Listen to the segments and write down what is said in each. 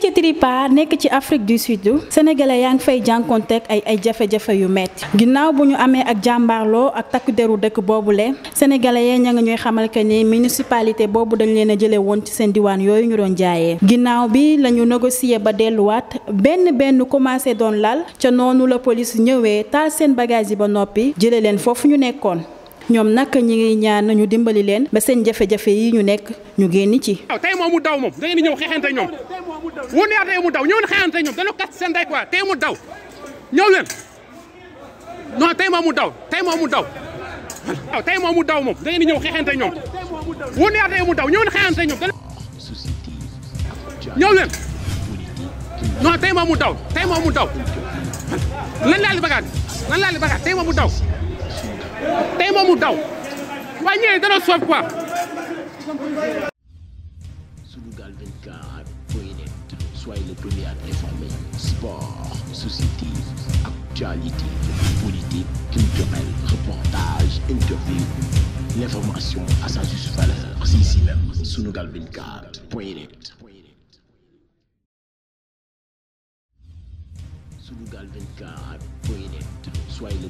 fii ci Tripa nekk ci Afrique du Sud sénégalais yaa ngi fay jànkonteeg ay ay jafe-jafe yu metti ginnaaw bu ñu amee ak jàmbaarloo ak takk deru dëkk boobule sénégalais yee ña nga ñuy xamal que ni municipalité boobu dañ leen a jëlee woon ci seen diwaan yooyu ñu doon jaayee ginnaaw bi la ñu négocier ba delluwaat benn benn commencé doon lal ca noonu la police ñëwee taal seen bagage yi ba noppi jëlee leen foofu ñu nekkoon ñoom nag ñi ngi ñaan ñu dimbali leen ba seen jafe-jafe ñu nekk ñu génn ci. wu neex day mu daw ñëw leen xeexante ñoom dañoo kat seen day quoi tey mu daw ñëw leen non tey moom mu daw tey moom mu daw waaw tey moom mu daw moom da ngeen ñoom wu neex mu daw ñëw leen xeexante ñoom mu mu daw lan laal bagaat lan laal bagaat tey moom mu daw tey moom mu daw waaye ñëwee dana soof quoi sénégal24.net soyez le premier à informer sport société actualité politique culturelle reportage interview l'information à sa juste valeur c'est ici même soyez le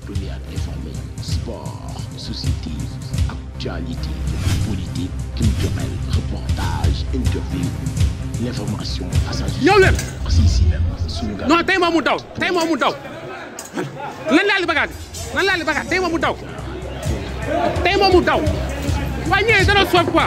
premier à informer sport société actualité politique l'information à sa yow leen si si non tey mu daw tey moom mu daw lan laal bagage lan laal bagage tey moom mu daw tey moom mu daw waaye ñëwee dana soof quoi